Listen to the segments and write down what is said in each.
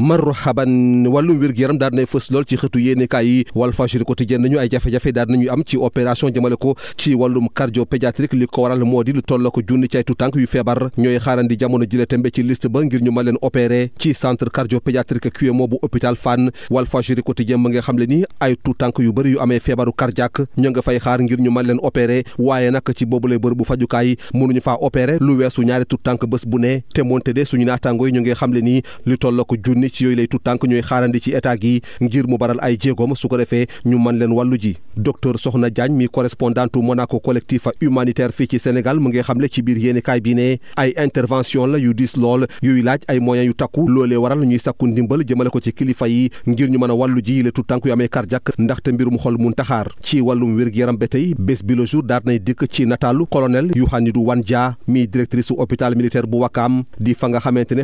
marhaban wàllum wér-gu-yaram daal nay fës lool ci xëtu yéenekaay yi Walf Fadjri quotidien nañu ay jafe-jafe daal nañu am ci opération jëmale ko ci wàllum cardiopédiatrique li ko moo di lu tolla ko junni ci ay tuutànk yu feebar ñooy xaarandi jamono jile tembe ci liste ba ngir ñu ma leen opéré ci centre cardiopédiatrique QMO bu hôpital Fann Walf Fadjri quotidien ma nga xam le ni ay tuutànk yu bëri yu amee feebaru cardiaque ñoo nga fay xaar ngir ñu ma leen opéré waaye nag ci bu fajukaay mënuñu faa opéré lu weesu ñaari tuutànk bés bu ne te moonte de suñu naataangooy ñu ngi xam le ni lu tolla ko ni ci yooyu lay tout tànk ñooy xaarandi ci état gi ngir mu baral ay jéegoom su ko defee ñu mën leen wàllu ji docteur Soxna Diagne mi correspondantu Monaco collectif humanitaire fii ci Sénégal mu ngi xamle ci biir yéenekaay bi ne ay intervention la yu diis lool yuy laaj ay moyens yu takku loolee waral ñuy sàkku ndimbal jëmale ko ci kilifa yi ngir ñu mën a wàllu ji le yu amee cardiaque ndaxte mbirum xol mun taxaar ci wàllum wér yaram ba tey bés bi le jour daal nay dikk ci di fa nga xamante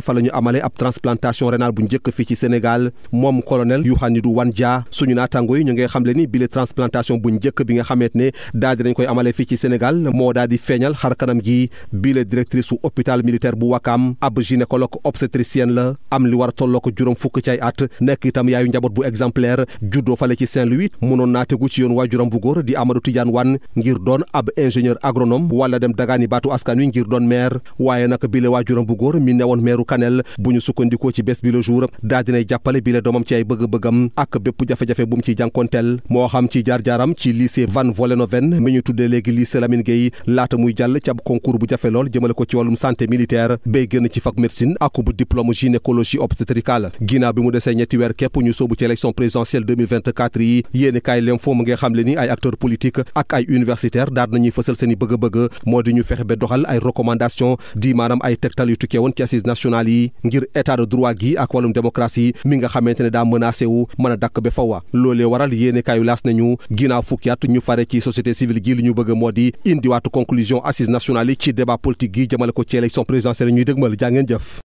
njëkk fii ci Sénégal moom colonel Youhanidou Wandja suñu naataango yi ñu ngi xamle ni bile transplantation bu njëkk bi nga xamante ne daal di nañ koy amale fii ci Sénégal moo daal feeñal xar kanam gi bile directrice su hôpital bu Wakam ab gynécologue obstétricienne la am li war a tolloo ko juróom fukk ci at nekk itam yaayu njaboot bu exemplaire juddoo fale ci Saint-Louis mënoon naa tegu ci yoon waajuram bu góor di Amadou Tidiane Wane ngir doon ab ingénieur Ndour daal jàppale bi la doomam ci ay bëgg-bëggam ak bépp jafe-jafe bu mu ciy moo xam ci jaar-jaaram ci lycée Van Vollenhoven mi ñu tuddee léegi lycée Lamine laata muy jàll ci ab concours bu jafe lool jëmale ko ci wàllum santé militaire bay génn ci fac médecine ak bu diplôme gynécologie obstétricale ginnaaw bi mu desee ñetti weer képp ñu sóobu ci élection présidentielle yi yéeni kaay l'info mu nga xam ni ay acteur politique ak ay mbirum démocratie mi nga xamante ne daa menacé mën a dakk ba fawa loolee waral yéene kaayu nañu ginnaaw fukki at ñu fare ci société civile gi li ñu bëgg moo di indiwaatu conclusion assise nationale yi ci débat politique jëmale ko ci élection présidentielle ñuy dëgmal jaa ngeen jëf